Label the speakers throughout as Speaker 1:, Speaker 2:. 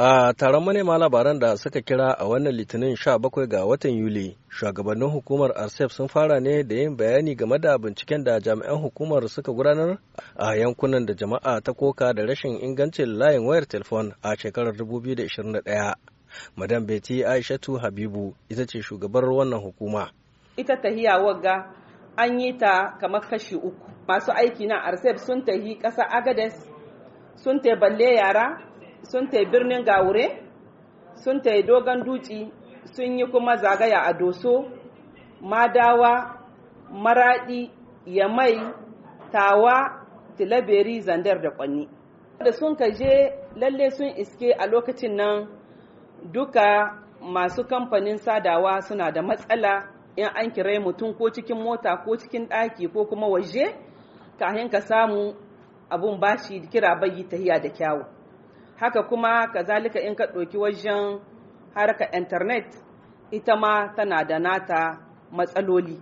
Speaker 1: A taron manema labaran da suka kira a wannan litinin 17 ga watan Yuli, shugabannin hukumar RCEP sun fara ne da yin bayani game da binciken da jami'an hukumar suka gudanar a yankunan da jama'a ta koka da rashin ingancin layin wayar telefon a shekarar 2021. Madam Beti Aishatu Habibu ita ce shugabar wannan hukuma.
Speaker 2: Ita tahiya wagga an yi ta kamar kashi uku. Masu aiki na RCEP sun tahi ƙasa Agades, sun tahi balle yara, sun tai birnin gawure sun tai dogon duci sun yi kuma zagaya a doso madawa maradi yamai tawa tilaberi zandar da kwanni da sun kaje lalle sun iske a lokacin nan duka masu kamfanin sadawa suna da matsala in an kira mutum ko cikin mota ko cikin ɗaki ko kuma waje kahin ka samu abun bashi kira bayi tahiya da kyawu haka kuma kazalika in ka ɗauki wajen harka intanet ita ma tana da nata matsaloli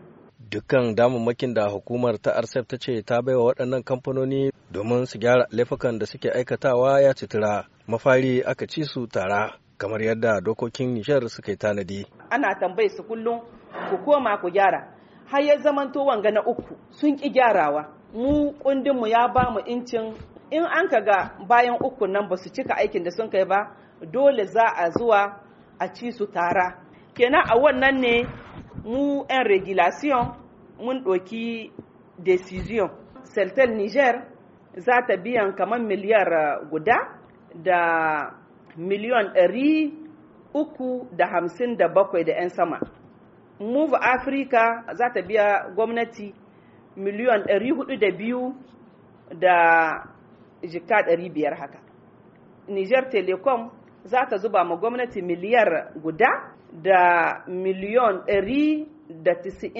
Speaker 1: dukkan damammakin da hukumar ta arsef ta ce ta baiwa waɗannan kamfanoni domin su gyara laifukan da suke aikatawa ya citira mafari aka ci su tara kamar yadda dokokin nishar suka yi tanadi
Speaker 2: ana tambayi su kullum ku koma ku gyara har ya zamanto wanga na uku sun ki gyarawa mu kundinmu ya ba mu incin in an ka ga bayan uku nan ba su cika aikin da sun kai ba dole za a zuwa a ci su tara kenan a wannan ne mu 'yan regulation mun ɗoki decision celtel niger za ta biyan kamar miliyar uh, guda da miliyan ɗari uku da hamsin da bakwai da 'yan sama move africa za ta biya gwamnati miliyan ɗari hudu da biyu da jika biyar haka niger telecom za ta zuba ma gwamnati miliyar guda da miliyon 197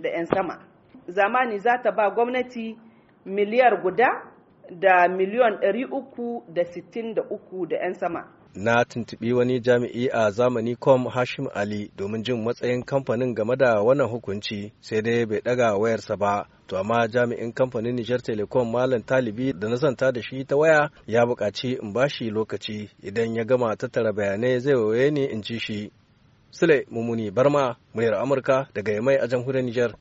Speaker 2: da 'yan sama zamani za ta ba gwamnati miliyar guda da miliyon 363 da 'yan sama.
Speaker 1: na tuntuɓi wani jami'i a zamani com hashim ali domin jin matsayin kamfanin game da wannan hukunci sai dai bai ɗaga wayarsa ba to amma jami'in kamfanin nijar telecom malam talibi da na zanta da shi ta waya ya buƙaci in bashi lokaci idan ya gama tattara bayanai zai waye ni in ci shi sule mumuni barma muryar amurka daga yamai a jamhuriyar nijar